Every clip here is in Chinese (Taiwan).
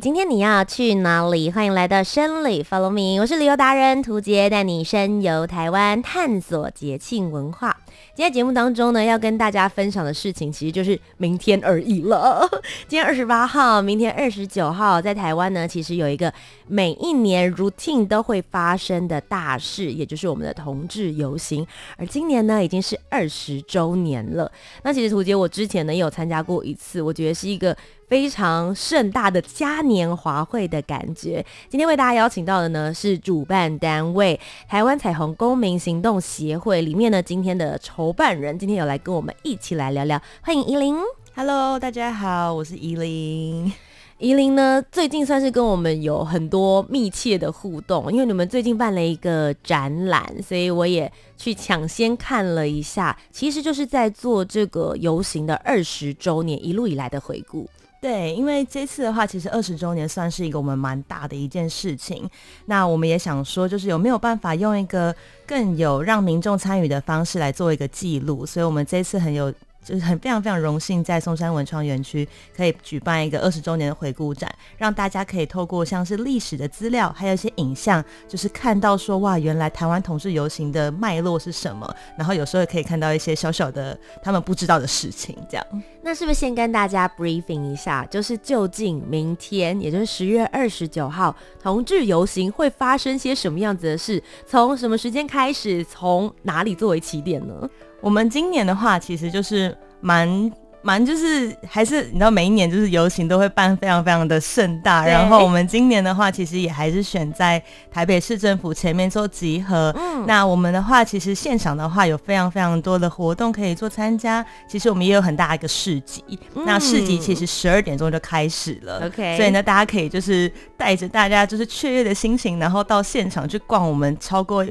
今天你要去哪裡？歡迎來到深旅 Follow Me。我是旅遊達人屠潔，帶你深遊台灣，探索節慶文化。今天節目當中呢，要跟大家分享的事情，其實就是明天而已了。今天二十八號，明天二十九號，在台灣呢，其實有一個每一年 routine 都會發生的大事，也就是我們的同志遊行。而今年呢，已經是二十周年了。那其實屠潔，我之前呢也有參加過一次，我覺得是一個。非常盛大的嘉年華會的感覺。今天為大家邀請到的呢，是主辦單位台灣彩虹公民行動協會裡面呢今天的籌辦人，今天有來跟我們一起來聊聊。歡迎怡伶。Hello 大家好，我是怡伶。怡伶呢最近算是跟我們有很多密切的互動，因為你們最近辦了一個展覽，所以我也去搶先看了一下。其實就是在做這個遊行的二十周年一路以來的回顧。對，因為這次的話，其實二十周年算是一個我們蠻大的一件事情。那我們也想說，就是有沒有辦法用一個更有讓民眾參與的方式來做一個記錄？所以，我們這次很有。就是很非常非常榮幸在松山文創園區可以舉辦一個二十周年的回顧展，讓大家可以透過像是歷史的資料，還有一些影像，就是看到說哇，原來台灣同志遊行的脈絡是什麼？然後有時候也可以看到一些小小的他們不知道的事情。這樣，那是不是先跟大家 briefing 一下，就是究竟明天，也就是十月二十九號，同志遊行會發生些什麼樣子的事？從什麼時間開始？從哪裡作為起點呢？我們今年的話，其實就是。蠻蠻就是還是你知道每一年就是遊行，都會辦非常非常的盛大，然後我們今年的話其實也還是選在台北市政府前面做集合。嗯，那我們的話其實現場的話有非常非常多的活動可以做參加，其實我們也有很大一個市集，嗯，那市集其實十二點鐘就開始了。OK，所以呢，大家可以就是帶着大家就是雀躍的心情，然後到現場去逛我們超過。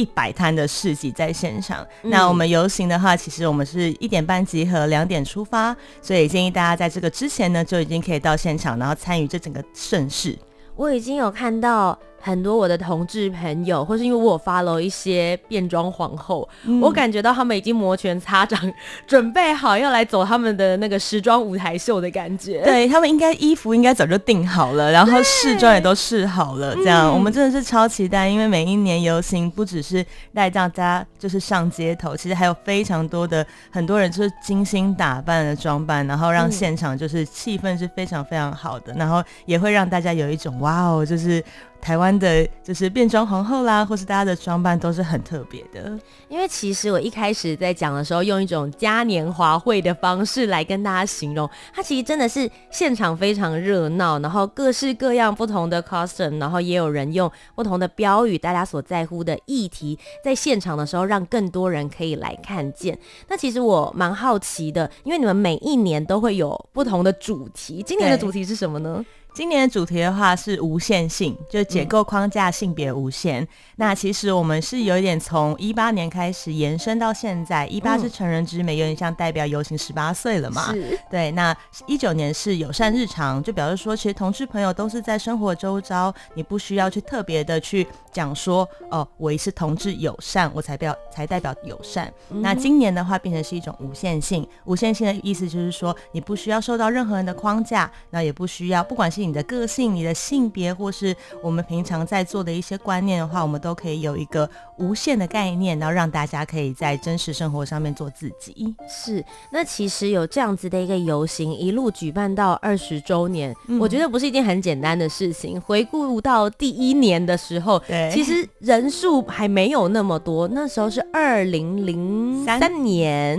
一百攤的市集在現場。嗯，那我們遊行的話，其實我們是一點半集合，兩點出發，所以建議大家在這個之前呢就已經可以到現場，然後參與這整個盛事。我已經有看到。很多我的同志朋友，或是因為我 follow 一些變裝皇後、嗯，我感覺到他們已經摩拳擦掌，準備好要來走他們的那個時裝舞台秀的感覺。對，他們應該衣服應該早就訂好了，然後試裝也都試好了，這樣、嗯、我們真的是超期待，因為每一年遊行不只是帶大家就是上街頭，其實還有非常多的很多人就是精心打扮的裝扮，然後讓現場就是氣氛是非常非常好的、嗯，然後也會讓大家有一種哇哦，就是。台灣的就是變裝皇後啦，或是大家的裝扮都是很特別的。因為其實我一開始在講的時候，用一種嘉年華會的方式來跟大家形容，它其實真的是現場非常熱鬧，然後各式各樣不同的 costume，然後也有人用不同的標語，大家所在乎的議題，在現場的時候讓更多人可以來看見。那其實我蠻好奇的，因為你們每一年都會有不同的主題，今年的主題是什麼呢？今年的主題的話是無限性，就解構框架、嗯、性別無限。那其實我們是有一點從一八年開始延伸到現在，一八是成人之美、嗯，有點像代表遊行十八歲了嘛？對。那一九年是友善日常，就表示說其實同志朋友都是在生活周遭，你不需要去特別的去講說哦、呃，我也是同志友善，我才表才代表友善、嗯。那今年的話變成是一種無限性，無限性的意思就是說你不需要受到任何人的框架，那也不需要不管是。你的個性、你的性別，或是我們平常在做的一些觀念的話，我們都可以有一個無限的概念，然後讓大家可以在真實生活上面做自己。是，那其實有這樣子的一個遊行，一路舉辦到二十週年，嗯，我覺得不是一件很簡單的事情。回顧到第一年的時候，對，其實人數還沒有那麼多，那時候是二零零三年，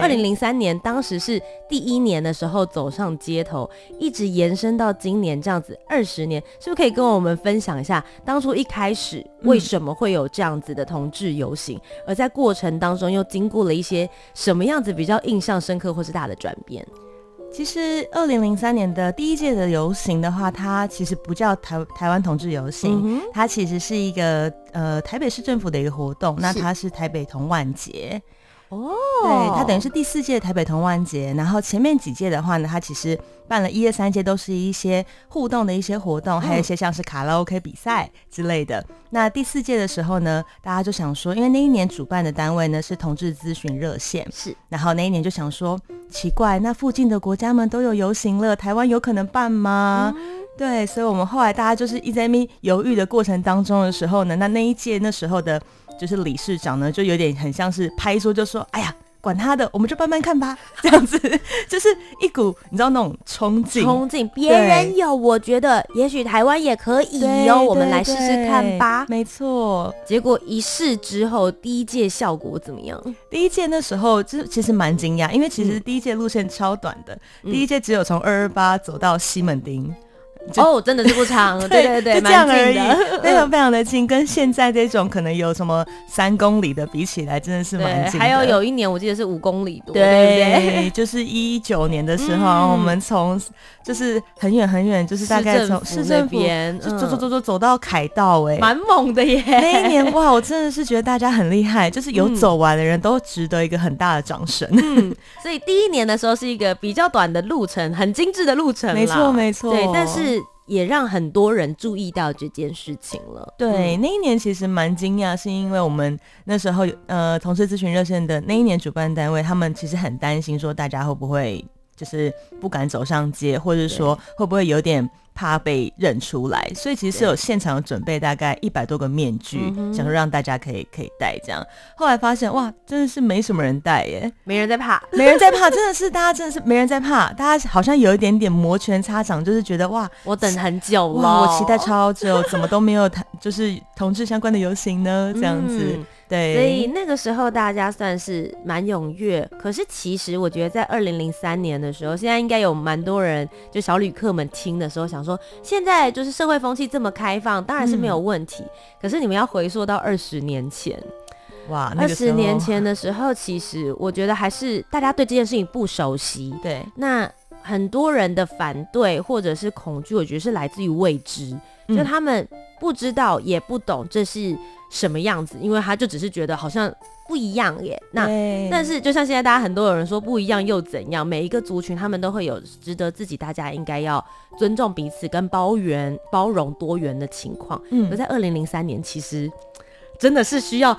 二零零三年當時是第一年的時候走上街頭，一直延伸到今年這樣子，二十年，是不是可以跟我們分享一下當初一開始為什麼會有這樣子的同志遊行，嗯？而在過程當中又經過了一些什麼樣子比較印象深刻或是大的轉變？其實二零零三年的第一屆的遊行的話，它其實不叫台台灣同志遊行，嗯，它其實是一個呃台北市政府的一個活動。那它是台北同玩節。哦、oh，對，它等於是第四屆台北同玩節，然後前面幾屆的話呢，它其實辦了一二三屆都是一些互動的一些活動，還有一些像是卡拉 OK 比賽之類的。嗯、那第四屆的時候呢，大家就想說，因為那一年主辦的單位呢是同志諮詢熱線，是，然後那一年就想說，奇怪，那附近的國家們都有遊行了，台灣有可能辦嗎？嗯、對，所以我們後來大家就是一直在猶豫的過程當中的時候呢，那那一屆那時候的。就是理事長呢，就有點很像是拍桌就說：“哎呀，管他的，我們就慢慢看吧。”這樣子， 就是一股你知道那種憧憬，憧憬別人有，我覺得也許台灣也可以哦，我們來試試看吧。沒錯。結果一試之後，第一屆效果怎麼樣？第一屆那時候就是其實蠻驚訝，因為其實第一屆路線超短的，嗯嗯、第一屆只有從二二八走到西門町。哦，oh, 真的是不長， 對,對對對，就這樣而已，非常非常的近、嗯，跟現在這種可能有什麼三公里的比起來，真的是蠻近的。還有有一年我記得是五公里多，對,對,對,對，就是一九年的時候，嗯、我們從就是很遠很遠，就是大概從市政府邊走走走走走到凱道、欸，哎，蠻猛的耶。那一年哇，我真的是覺得大家很厲害，就是有走完的人都值得一個很大的掌聲。嗯、 所以第一年的時候是一個比較短的路程，很精致的路程，沒錯沒錯，對，但是。也讓很多人注意到這件事情了。對，那一年其實蠻驚訝，是因為我們那時候呃，同志諮詢熱線的那一年主辦單位，他們其實很擔心說大家會不會就是不敢走上街，或者說會不會有點。怕被認出來，所以其實是有現場準備大概一百多個面具，想說讓大家可以可以戴這樣。後來發現哇，真的是沒什麼人戴耶，沒人在怕，沒人在怕，真的是 大家真的是沒人在怕，大家好像有一點點摩拳擦掌，就是覺得哇，我等很久了，我期待超久，怎麼都沒有談就是同志相關的遊行呢？這樣子。嗯對，所以那個時候大家算是蠻踴躍。可是其實我覺得，在二零零三年的時候，現在應該有蠻多人，就小旅客們聽的時候，想說，現在就是社會風氣這麼開放，當然是沒有問題。嗯，可是你們要回溯到二十年前，哇，那個時候，二十年前的時候，其實我覺得還是大家對這件事情不熟悉。對，那很多人的反對或者是恐懼，我覺得是來自於未知。就他們不知道也不懂這是什麼樣子，因為他就只是覺得好像不一樣耶。那但是就像現在大家很多有人說不一樣又怎樣？每一個族群他們都會有值得自己，大家應該要尊重彼此跟包容包容多元的情況。嗯，而在二零零三年其實真的是需要。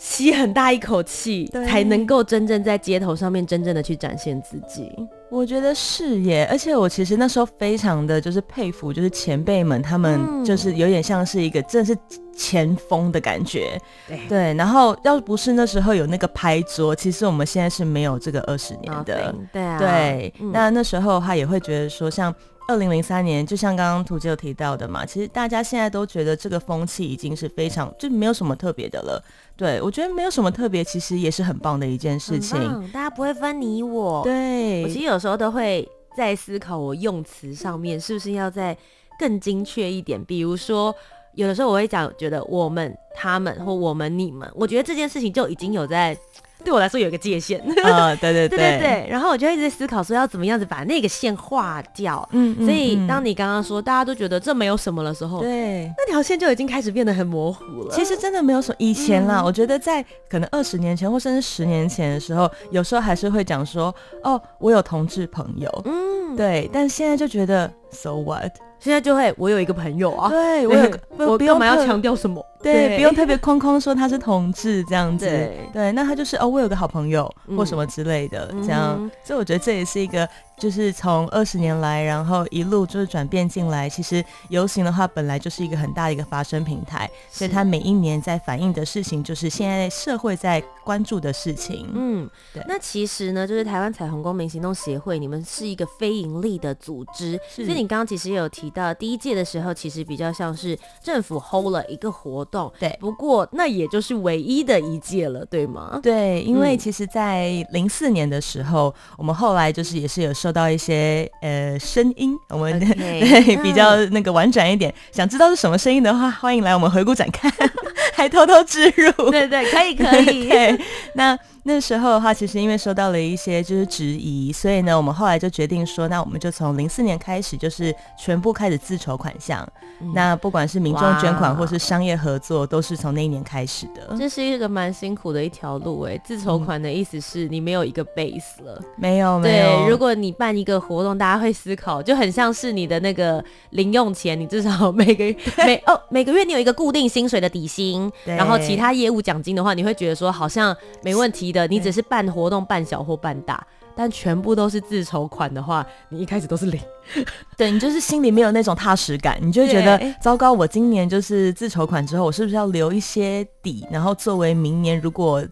吸很大一口氣，才能夠真正在街頭上面真正的去展現自己。我覺得是耶，而且我其實那時候非常的就是佩服，就是前輩們他們、嗯、就是有點像是一個真的是前鋒的感覺，對。對，然後要不是那時候有那個拍桌，其實我們現在是沒有這個二十年的。Okay, 對啊，對、嗯，那那時候他也會覺得說像。二零零三年，就像剛剛屠潔有提到的嘛，其實大家現在都覺得這個風氣已經是非常就沒有什麼特別的了。對我覺得沒有什麼特別，其實也是很棒的一件事情。大家不會分你我。對我其實有時候都會在思考，我用詞上面是不是要再更精確一點。比如說，有的時候我會講，覺得我們、他們或我們、你們，我覺得這件事情就已經有在。對我來說有一個界限，啊、哦，對對對， 對對對，然後我就一直在思考說要怎麼樣子把那個線劃掉，嗯，所以當你剛剛說、嗯、大家都覺得這沒有什麼的時候，對，那條線就已經開始變得很模糊了。其實真的沒有什麼，以前啦，嗯、我覺得在可能二十年前或甚至十年前的時候，有時候還是會講說，哦，我有同志朋友，嗯，對，但現在就覺得。So what？現在就會，我有一個朋友啊。對，我有，欸、我幹嘛要強調什麼對？對，不用特別框框說他是同志這樣子。對，對那他就是哦，我有個好朋友或什麼之類的，嗯、這樣、嗯。所以我覺得這也是一個。就是從二十年來，然後一路就是轉變進來。其實遊行的話，本來就是一個很大的一個發聲平台，所以它每一年在反映的事情，就是現在社會在關注的事情。嗯，對。那其實呢，就是台灣彩虹公民行動協會，你們是一個非營利的組織。所以你剛剛其實也有提到，第一屆的時候，其實比較像是政府 hold 了一個活動。對。不過那也就是唯一的一屆了，對嗎？對，因為其實在零四年的時候、嗯，我們後來就是也是有受。收到一些呃聲音，我們 okay，呵呵比較那個婉轉一點、嗯。想知道是什麼聲音的話，歡迎來我們回顧展看， 還偷偷植入。對對，可以可以可以。 那。那時候的話，其實因為收到了一些就是質疑，所以呢，我們後來就決定說，那我們就從零四年開始，就是全部開始自籌款項、嗯。那不管是民眾捐款，或是商業合作，都是從那一年開始的。這是一個蠻辛苦的一條路誒、欸。自籌款的意思是你沒有一個 base 了，嗯、沒有對，沒有。如果你辦一個活動，大家會思考，就很像是你的那個零用錢，你至少每個月每 哦每個月你有一個固定薪水的底薪，對，然後其他業務獎金的話，你會覺得說好像沒問題。你只是辦活動辦、欸、小或辦大，但全部都是自籌款的話，你一開始都是零， 對，你就是心裡沒有那種踏實感，你就會覺得糟糕。我今年就是自籌款之後，我是不是要留一些底，然後作為明年如果。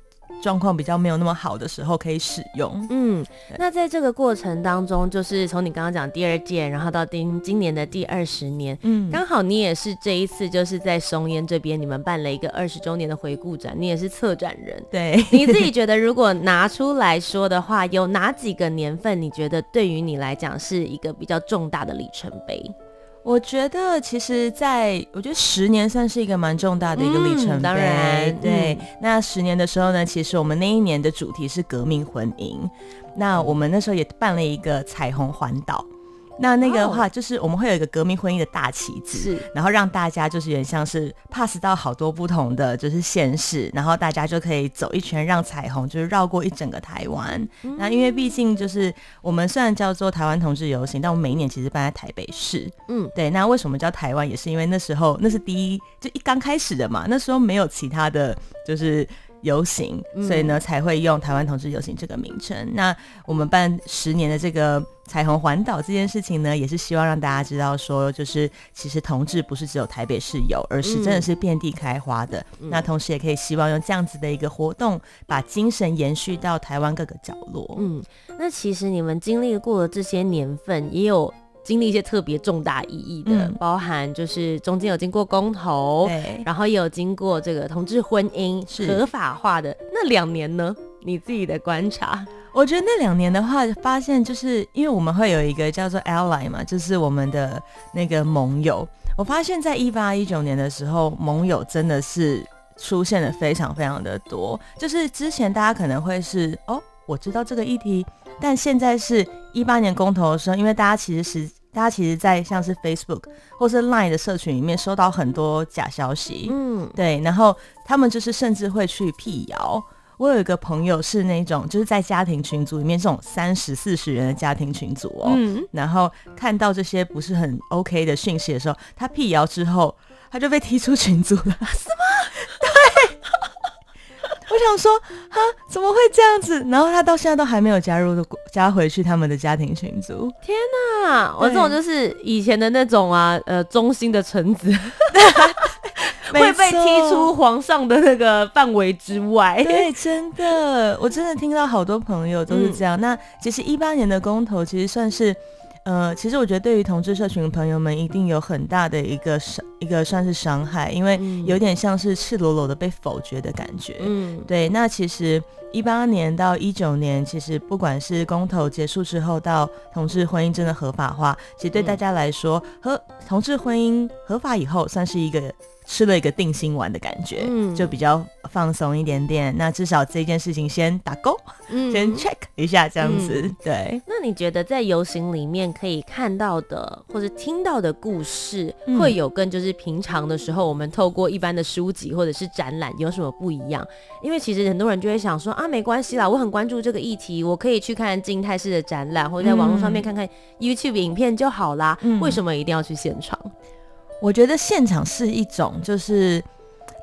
狀況比較沒有那麼好的時候可以使用。嗯，那在這個過程當中，就是從你剛剛講第二屆，然後到今今年的第二十年，嗯，剛好你也是這一次就是在松菸這邊，你們辦了一個二十周年的回顧展，你也是策展人。對 你自己覺得，如果拿出來說的話，有哪幾個年份你覺得對於你來講是一個比較重大的里程碑？我覺得，其實在我覺得十年算是一個蠻重大的一個歷程、嗯、當然，對、嗯，那十年的時候呢，其實我們那一年的主題是革命婚姻。那我們那時候也辦了一個彩虹環島。那那個的話，oh. 就是我們會有一個革命婚姻的大旗子，是，然後讓大家就是有點像是 pass 到好多不同的就是縣市，然後大家就可以走一圈，讓彩虹就是繞過一整個台灣。Mm. 那因為畢竟就是我們雖然叫做台灣同志遊行，但我們每一年其實辦在台北市，嗯、mm.，對。那為什麼叫台灣？也是因為那時候那是第一，就一剛開始的嘛，那時候沒有其他的就是。遊行，所以呢才會用“台灣同志遊行”這個名稱，嗯。那我們辦十年的這個彩虹環島這件事情呢，也是希望讓大家知道，說就是其實同志不是只有台北市有，而是真的是遍地開花的，嗯。那同時也可以希望用這樣子的一個活動，把精神延續到台灣各個角落。嗯，那其實你們經歷過的這些年份，也有。經歷一些特別重大意義的，嗯、包含就是中間有經過公投、欸，然後也有經過這個同志婚姻是合法化的那兩年呢？你自己的觀察，我覺得那兩年的話，發現就是因為我們會有一個叫做 ally 嘛，就是我們的那個盟友。我發現在一八一九年的時候，盟友真的是出現了非常非常的多。就是之前大家可能會是哦，我知道這個議題，但現在是一八年公投的時候，因為大家其實是。大家其實，在像是 Facebook 或是 Line 的社群裡面，收到很多假消息，嗯，對，然後他們就是甚至會去闢謠。我有一個朋友是那種，就是在家庭群組裡面這種三十四十人的家庭群組哦，嗯，然後看到這些不是很 OK 的訊息的時候，他闢謠之後，他就被踢出群組了。什麼？是嗎？我想說，哈，怎麼會這樣子？然後他到現在都還沒有加入，的加回去他們的家庭群組。天哪、啊，我這種就是以前的那種啊，呃，忠心的臣子 會被踢出皇上的那個範圍之外。 對，真的，我真的聽到好多朋友都是這樣。嗯、那其實一八年的公投其實算是。呃，其實我覺得對於同志社群的朋友們，一定有很大的一個傷，一個算是傷害，因為有點像是赤裸裸的被否決的感覺。嗯，對。那其實一八年到一九年，其實不管是公投結束之後，到同志婚姻真的合法化，其實對大家來說，和同志婚姻合法以後，算是一個。吃了一個定心丸的感覺，嗯，就比較放鬆一點點。那至少這件事情先打勾，嗯，先 check 一下這樣子。嗯嗯，對，那你覺得在遊行裡面可以看到的或者，聽到的故事，會有跟就是平常的時候我們透過一般的書籍或者是展覽有什麼不一樣？因為其實很多人就會想說啊，沒關係啦，我很關注這個議題，我可以去看靜態式的展覽，或者在網絡上面看看 YouTube 影片就好啦。嗯，為什麼一定要去現場？我覺得現場是一種，就是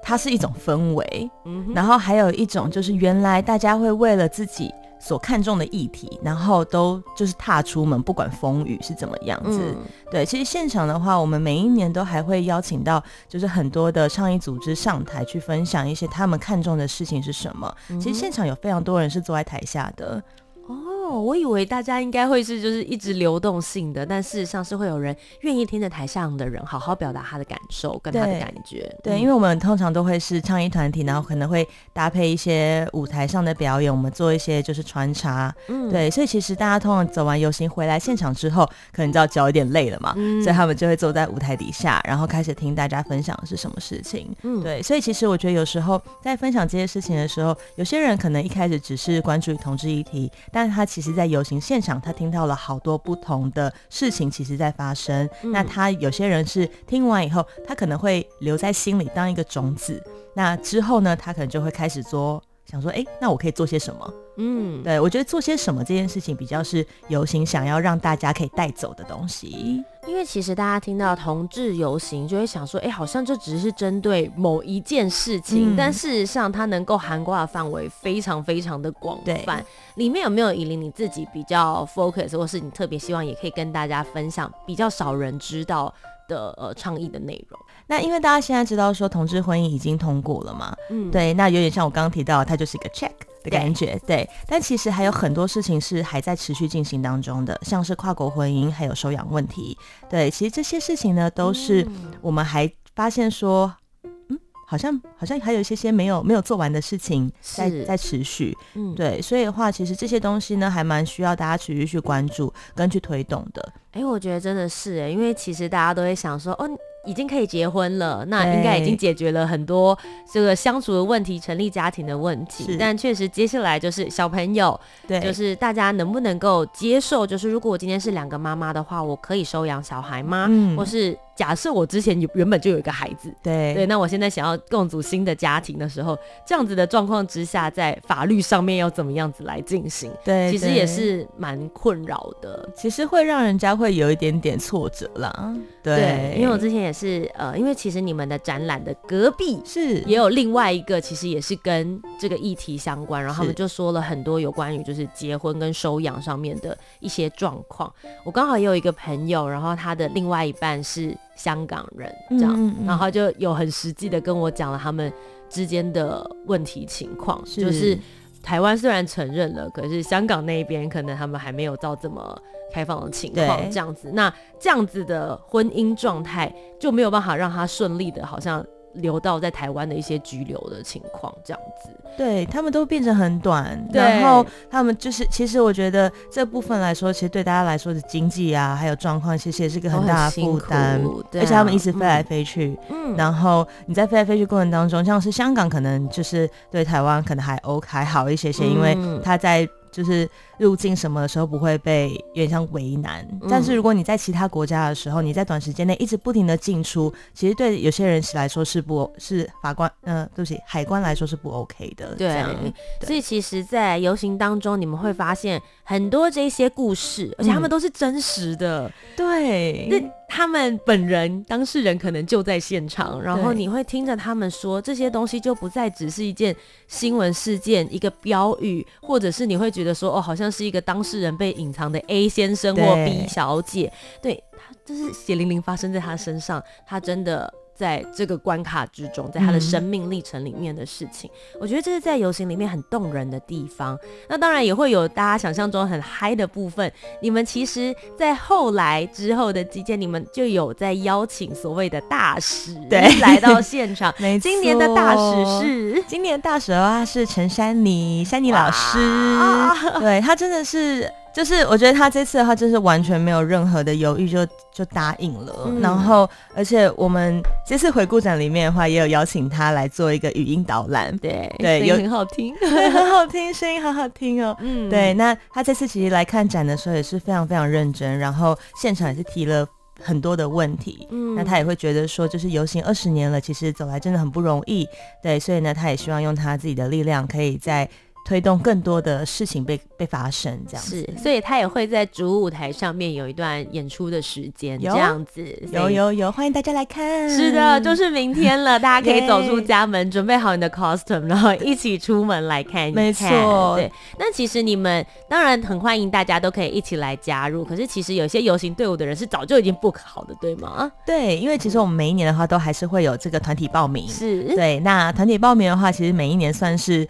它是一種氛圍，嗯，然後還有一種就是原來大家會為了自己所看重的議題，然後都就是踏出門，不管風雨是怎麼樣子，嗯。對，其實現場的話，我們每一年都還會邀請到就是很多的倡議組織上台去分享一些他們看重的事情是什麼。其實現場有非常多人是坐在台下的，嗯，哦。哦，我以為大家應該會是就是一直流動性的，但事實上是會有人願意聽着台上的人好好表達他的感受跟他的感覺。對，因為我們通常都會是倡議團體，然後可能會搭配一些舞台上的表演，我們做一些就是穿插。嗯，對，所以其實大家通常走完遊行回來現場之後，可能就要腳有點累了嘛。嗯，所以他們就會坐在舞台底下，然後開始聽大家分享的是什麼事情。嗯，對，所以其實我覺得有時候在分享這些事情的時候，有些人可能一開始只是關注於同志議題，但是他。其實，在遊行現場，他聽到了好多不同的事情，其實，在發生，嗯。那他有些人是聽完以後，他可能會留在心裡當一個種子。那之後呢，他可能就會開始做，想說，誒、欸，那我可以做些什麼？嗯，對，我覺得做些什麼這件事情，比較是遊行想要讓大家可以帶走的東西。因為其實大家聽到同志遊行，就會想說，誒、欸,好像就只是針對某一件事情，嗯、但事實上，它能夠涵蓋的範圍非常非常的廣泛。對，裡面有沒有以領你自己比較 focus，或是你特別希望也可以跟大家分享比較少人知道的呃倡議的內容？那因為大家現在知道說同志婚姻已經通過了嘛，嗯，對，那有點像我剛剛提到，它就是一個 check。感覺對，對，但其實還有很多事情是還在持續進行當中的，像是跨國婚姻還有收養問題。對，其實這些事情呢，都是我們還發現說，嗯，嗯好像好像還有一些些沒有沒有做完的事情在在持續、嗯。對，所以的話，其實這些東西呢，還蠻需要大家持續去關注跟去推動的。哎、欸，我覺得真的是哎，因為其實大家都會想說，哦。已經可以結婚了，那應該已經解決了很多這個相處的問題，成立家庭的問題。但確實，接下來就是小朋友，對，就是大家能不能夠接受？就是如果我今天是兩個媽媽的話，我可以收養小孩嗎？嗯，或是。假設我之前有原本就有一個孩子，對對，那我現在想要共組新的家庭的時候，這樣子的狀況之下，在法律上面要怎麼樣子來進行？對，其實也是蠻困擾的，其實會讓人家會有一點點挫折啦。對，因為我之前也是呃，因為其實你們的展覽的隔壁是也有另外一個，其實也是跟這個議題相關，然後他們就說了很多有關於就是結婚跟收養上面的一些狀況。我剛好也有一個朋友，然後他的另外一半是。香港人這樣嗯嗯嗯，然後就有很實際的跟我講了他們之間的問題情況，就是台灣雖然承認了，可是香港那邊可能他們還沒有到這麼開放的情況，這樣子，那這樣子的婚姻狀態就沒有辦法讓他順利的，好像。留到在台灣的一些居留的情況，這樣子，對他們都變成很短，然後他們就是，其實我覺得這部分來說，其實對大家來說的經濟啊，還有狀況，其實也是一個很大的負擔，啊，而且他們一直飛來飛去，嗯，然後你在飛來飛去過程當中，嗯、像是香港可能就是對台灣可能還 OK 還好一些些，嗯、因為他在就是。入境什麼的時候不會被有點像為難？但是如果你在其他國家的時候，你在短時間內一直不停的進出，其實對有些人是來說是不，是法官，嗯、呃，對不起，海關來說是不 OK 的對。對，所以其實，在遊行當中，你們會發現很多這些故事，而且他們都是真實的。嗯、對，那他們本人當事人可能就在現場，然後你會聽着他們說這些東西，就不再只是一件新聞事件，一個標語，或者是你會覺得說哦，好像。那是一個當事人被隱藏的 A 先生或 B 小姐，對他，對她就是血淋淋發生在他身上，他真的，在這個關卡之中，在他的生命歷程裡面的事情，嗯、我覺得這是在遊行裡面很動人的地方。那當然也會有大家想象中很嗨的部分。你們其實，在後來之後的期間，你們就有在邀請所謂的大使對，來到現場。沒錯，今年的大使是今年的大使的話，是陳珊妮珊妮老師，啊啊、對他真的是。就是我覺得他這次的話，就是完全沒有任何的猶豫就，就就答應了。嗯、然後，而且我們這次回顧展裡面的話，也有邀請他來做一個語音導覽。對對，有很好聽 對，很好聽，聲音好好聽哦、喔。嗯，對。那他這次其實來看展的時候也是非常非常認真，然後現場也是提了很多的問題。嗯，那他也會覺得說，就是遊行二十年了，其實走來真的很不容易。對，所以呢，他也希望用他自己的力量，可以在推動更多的事情被被發生，這樣子是，所以他也會在主舞台上面有一段演出的時間，這樣子有，有有有，歡迎大家來看。是的，就是明天了， 大家可以走出家門， 準備好你的 costume，然後一起出門來看。看沒錯，對。那其實你們當然很歡迎大家都可以一起來加入，可是其實有些遊行隊伍的人是早就已經 book 好的，對嗎？對，因為其實我們每一年的話都還是會有這個團體報名，是對。那團體報名的話，其實每一年算是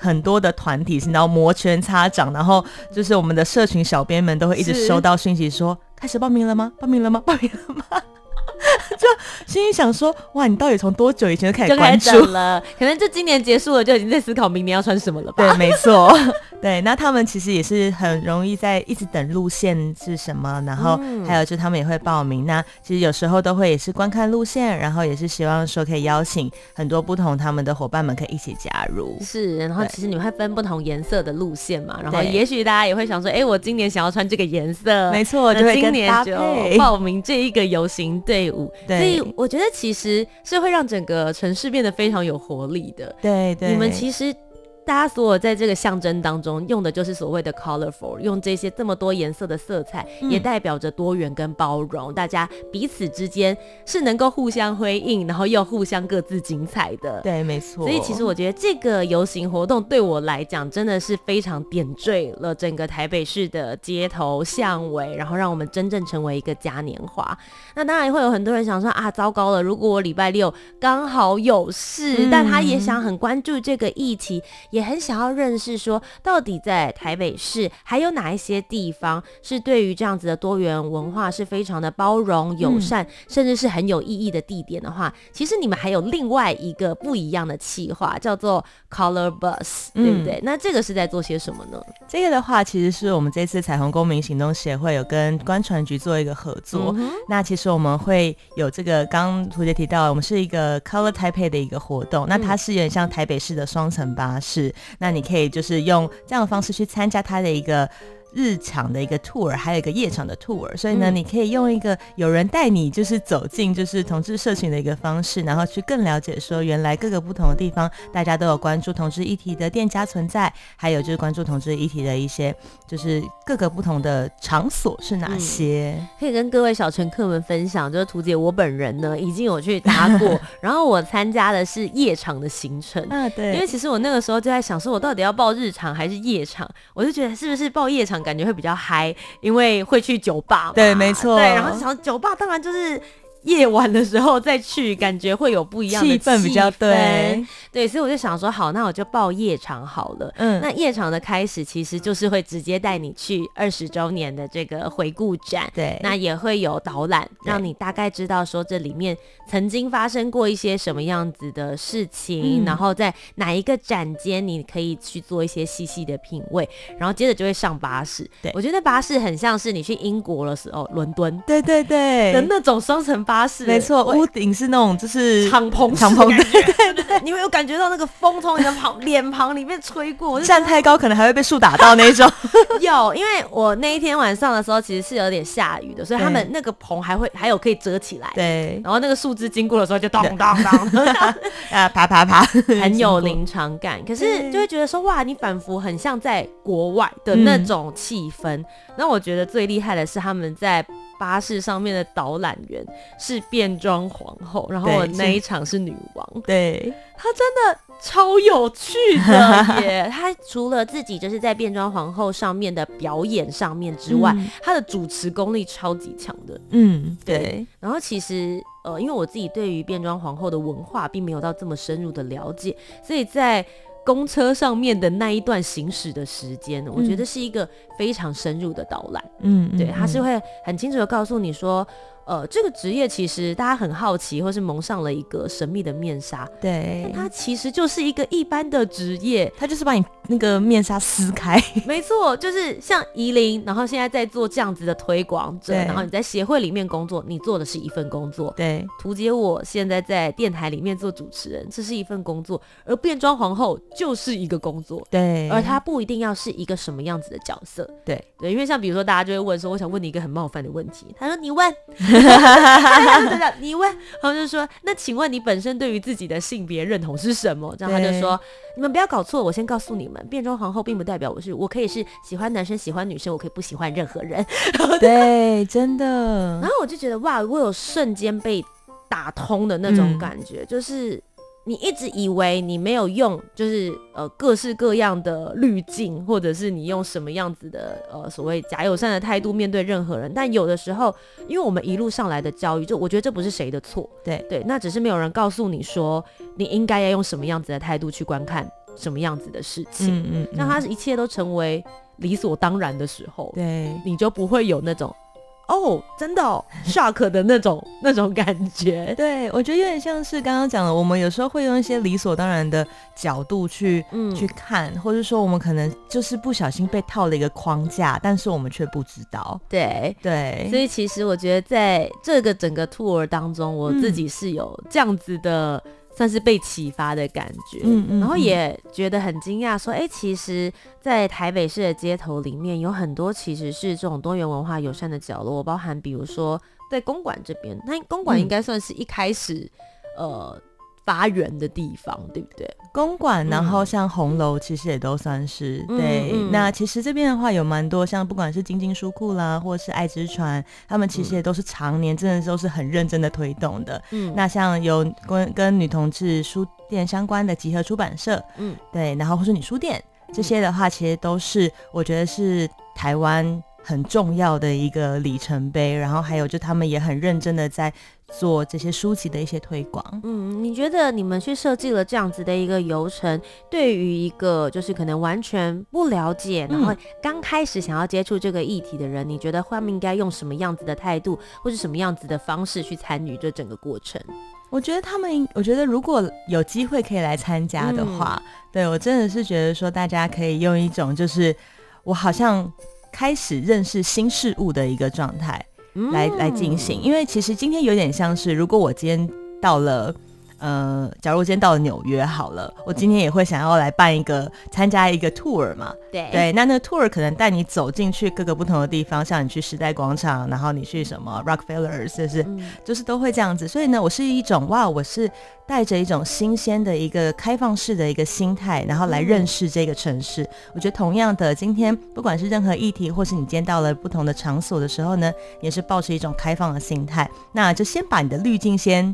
很很多的。團體，然後摩拳擦掌，然後就是我們的社群小編們都會一直收到訊息說，說開始報名了嗎？報名了嗎？報名了嗎？ 就心裡想說，哇，你到底從多久以前就開始關注了？可能就今年結束了就已經在思考明年要穿什麼了吧？對，沒錯。 對，那他們其實也是很容易在一直等路線是什麼，然後還有就他們也會報名。嗯、那其實有時候都會也是觀看路線，然後也是希望說可以邀請很多不同他們的夥伴們可以一起加入。是，然後其實你會分不同顏色的路線嘛？然後也許大家也會想說，哎、欸，我今年想要穿這個顏色，沒錯，就會跟今年就報名這一個遊行隊伍。所以我覺得其實是會讓整個城市變得非常有活力的。對對對，你們其實。大家所在這個象徵當中用的就是所謂的 colorful，用這些這麼多顏色的色彩，也代表着多元跟包容。嗯、大家彼此之間是能夠互相輝映，然後又互相各自精彩的。對，沒錯。所以其實我覺得這個遊行活動對我來講真的是非常點綴了整個台北市的街頭巷尾，然後讓我們真正成為一個嘉年華。那當然也會有很多人想說啊，糟糕了，如果我禮拜六剛好有事，嗯，但他也想很關注這個議題。也很想要認識說，到底在台北市還有哪一些地方是對於這樣子的多元文化是非常的包容、友善、嗯，甚至是很有意義的地點的話，其實你們還有另外一個不一樣的企劃，叫做 Color Bus，對不對、嗯？那這個是在做些什麼呢？這個的話，其實是我們這次彩虹公民行動協會有跟觀傳局做一個合作、嗯。那其實我們會有這個，剛剛屠潔提到，我們是一個 Color Taipei 的一個活動、嗯，那它是有點像台北市的雙層巴士。那你可以就是用這樣的方式去參加他的一個。日場的一個 tour，還有一個夜場的 tour，所以呢，你可以用一個有人帶你，就是走進就是同志社群的一個方式，然後去更了解說原來各個不同的地方，大家都有關注同志議題的店家存在，還有就是關注同志議題的一些就是各個不同的場所是哪些、嗯，可以跟各位小乘客們分享。就是屠姐我本人呢，已經有去搭過， 然後我參加的是夜場的行程，嗯、啊，對，因為其實我那個時候就在想說，我到底要報日場還是夜場，我就覺得是不是報夜場。感覺會比較嗨，因為會去酒吧。對，沒錯。對，然後想酒吧當然就是夜晚的時候再去，感覺會有不一樣的氣氛，氣氛比較對。對，所以我就想說，好，那我就報夜場好了。嗯，那夜場的開始其實就是會直接帶你去二十周年的這個回顧展。對，那也會有導覽，讓你大概知道說這裡面曾經發生過一些什麼樣子的事情，嗯、然後在哪一個展間你可以去做一些細細的品味，然後接着就會上巴士。對，我覺得巴士很像是你去英國的時候，倫敦。對對對，的那種雙層巴士。沒錯，屋頂是那種就是敞篷，敞篷。 對對對，你會有感。感覺到那個風從你的臉旁臉龐裡面吹過，站太高可能還會被樹打到那種。有，因為我那一天晚上的時候其實是有點下雨的，所以他們那個棚還會還有可以遮起來。對，然後那個樹枝經過的時候就咚咚咚，啊，啪啪啪， 很有臨場感。可是就會覺得說哇，你仿佛很像在國外的那種氣氛。嗯，那我覺得最厲害的是他們在。巴士上面的導覽員是變裝皇後，然後我那一場是女王。對，對欸、她真的超有趣的， 她除了自己就是在變裝皇后上面的表演上面之外，嗯、她的主持功力超級強的。嗯對，對。然後其實呃，因為我自己對於變裝皇後的文化並沒有到這麼深入的了解，所以在公車上面的那一段行駛的時間，我覺得是一個非常深入的導覽。嗯，對，他是會很清楚地告訴你說。呃，這個職業其實大家很好奇，或是蒙上了一個神秘的面紗。對，它其實就是一個一般的職業，它就是把你那個面紗撕開。沒錯，就是像怡伶，然後現在在做這樣子的推廣者。對，然後你在協會裡面工作，你做的是一份工作。對，屠潔我現在在電台裡面做主持人，這是一份工作，而變裝皇後就是一個工作。對，而他不一定要是一個什麼樣子的角色。對對，因為像比如說大家就會問說，我想問你一個很冒犯的問題，他說你問。 你問，他就說：“那請問你本身對於自己的性別認同是什麼？”然後他就說：“你們不要搞錯，我先告訴你們，變裝皇后並不代表我是，我可以是喜歡男生、喜歡女生，我可以不喜歡任何人 。”對，真的。然後我就覺得哇，我有瞬間被打通的那種感覺，嗯、就是。你一直以為你沒有用，就是呃各式各樣的濾鏡，或者是你用什麼樣子的呃所謂假友善的態度面對任何人。但有的時候，因為我們一路上來的教育，就我覺得這不是誰的錯，對對，那只是沒有人告訴你說你應該要用什麼樣子的態度去觀看什麼樣子的事情。嗯嗯，嗯，那他一切都成為理所當然的時候，對，你就不會有那種。哦、oh，真的哦，shock 的那種 那種感覺，對我覺得有點像是剛剛講的，我們有時候會用一些理所當然的角度去、嗯、去看，或者說我們可能就是不小心被套了一個框架，但是我們卻不知道。對對，所以其實我覺得在這個整個 tour 當中，我自己是有這樣子的。算是被啟發的感覺，嗯嗯，然後也覺得很驚訝，說：“哎、嗯欸，其實，在台北市的街頭裡面，有很多其實是這種多元文化友善的角落，包含比如說在公館這邊，那公館應該算是一開始，嗯、呃，發源的地方，對不對？”公館，然後像紅樓，其實也都算是、嗯、對、嗯。那其實這邊的話有蠻多，有蠻多像，不管是晶晶書庫啦，或是愛之船，他們其實也都是常年、嗯、真的都是很認真的推動的。嗯，那像有跟跟女同志書店相關的集合出版社，嗯，對，然後或是女書店這些的話，其實都是我覺得是台灣。很重要的一個里程碑，然後還有就他們也很認真的在做這些書籍的一些推廣。嗯，你覺得你們去設計了這樣子的一個流程，對於一個就是可能完全不了解，然後剛開始想要接觸這個議題的人，嗯、你覺得他們應該用什麼樣子的態度，或是什麼樣子的方式去參與這整個過程？我覺得他們，我覺得如果有機會可以來參加的話，嗯、對我真的是覺得說大家可以用一種就是我好像。開始認識新事物的一個狀態，嗯，來來進行。因為其實今天有點像是，如果我今天到了。嗯，假如我今天到了紐約好了，我今天也會想要來辦一個參加一個 tour 嘛？對對，那那個 tour 可能帶你走進去各個不同的地方，像你去時代廣場，然後你去什麼 Rockefeller 是不是、嗯？就是都會這樣子。所以呢，我是一種哇，我是帶着一種新鮮的一個開放式的一個心態，然後來認識這個城市、嗯。我覺得同樣的，今天不管是任何議題，或是你今天到了不同的場所的時候呢，也是抱持一種開放的心態，那就先把你的濾鏡先。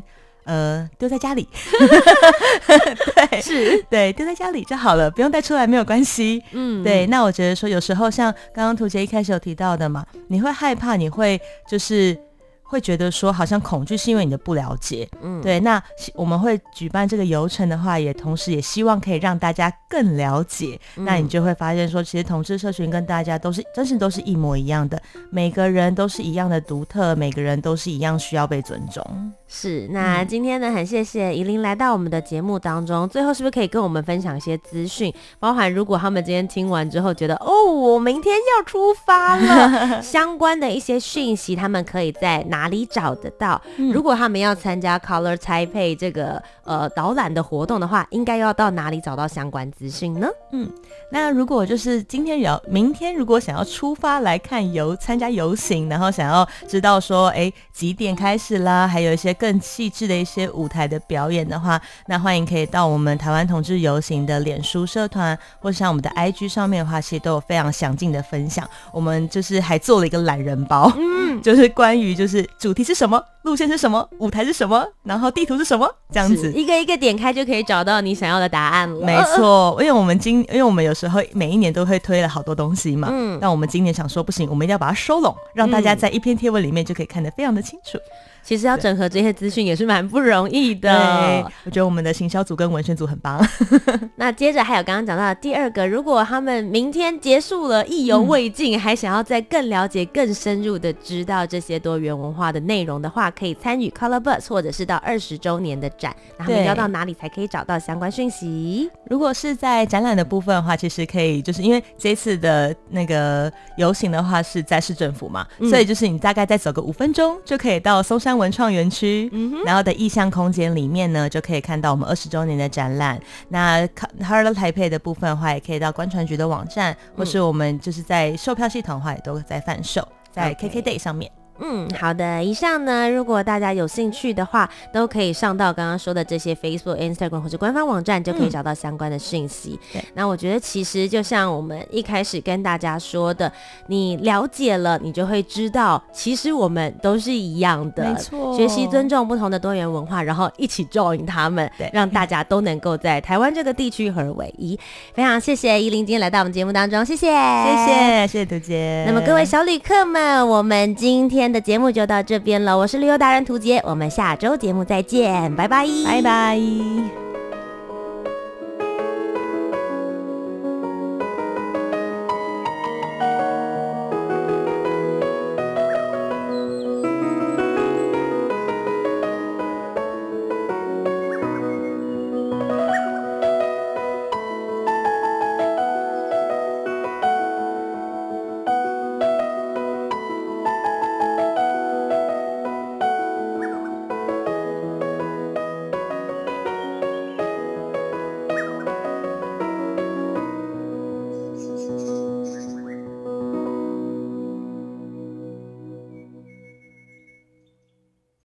呃，丟在家裡， 對， 是，對，丟在家裡就好了，不用帶出來沒有關係。嗯，對。那我覺得說，有時候像剛剛屠潔一開始有提到的嘛，你會害怕，你會就是會覺得說，好像恐懼是因為你的不了解。嗯，對。那我們會舉辦這個遊程的話，也同時也希望可以讓大家更了解。嗯、那你就會發現說，其實同志社群跟大家都是真實都是一模一樣的，每個人都是一樣的獨特，每個人都是一樣需要被尊重。是，那今天呢，很謝謝怡琳來到我們的節目當中。最後是不是可以跟我們分享一些資訊？包含如果他們今天聽完之後覺得哦，我明天要出發了， 相關的一些訊息，他們可以在哪裡找得到？嗯、如果他們要參加 Color 拆配這個呃導覽的活動的話，應該要到哪裡找到相關資訊呢？嗯，那如果就是今天有明天如果想要出發來看遊參加遊行，然後想要知道說哎、欸、幾點開始啦，還有一些。更細緻的一些舞台的表演的話，那歡迎可以到我們台灣同志遊行的臉書社團，或者像我們的 IG 上面的話，其實都有非常詳盡的分享。我們就是還做了一個懶人包，嗯，就是關於就是主題是什麼、路線是什麼、舞台是什麼，然後地圖是什麼這樣子，一個一個點開就可以找到你想要的答案了。沒錯，因為我們今因為我們有時候每一年都會推了好多東西嘛，嗯，那我們今年想說不行，我們一定要把它收攏，讓大家在一篇貼文裡面就可以看得非常的清楚。其實要整合這些資訊也是蠻不容易的。對，我覺得我們的行銷組跟文宣組很棒。 那接着還有剛剛講到的第二個，如果他們明天結束了意猶未盡、嗯，還想要再更了解、更深入的知道這些多元文化的內容的話，可以參與 ColorBus 或者是到二十周年的展。然後要到哪裡才可以找到相關訊息？如果是在展覽的部分的話，其實可以就是因為這次的那個遊行的話是在市政府嘛，嗯、所以就是你大概再走個五分鐘就可以到松山。文創園區，嗯哼，然後的意向空間裡面呢，就可以看到我們二十周年的展覽。那 Hello Taipei 的部分的話，也可以到觀傳局的網站，嗯，或是我們就是在售票系統的話，也都在販售在 KKday 上面。Okay 嗯，好的。以上呢，如果大家有興趣的話，都可以上到剛剛說的這些 Facebook、Instagram 或者官方網站，嗯，就可以找到相關的訊息。對。那我覺得，其實就像我們一開始跟大家說的，你了解了，你就會知道，其實我們都是一樣的。沒錯。學習尊重不同的多元文化，然後一起 join 他們，對，讓大家都能夠在台灣這個地區合而為一。 非常謝謝怡伶今天來到我們節目當中，謝謝，謝謝，謝謝屠潔。那麼各位小旅客們，我們今天的節目就到這邊了，我是旅遊達人屠潔，我們下周節目再見，拜拜，拜拜。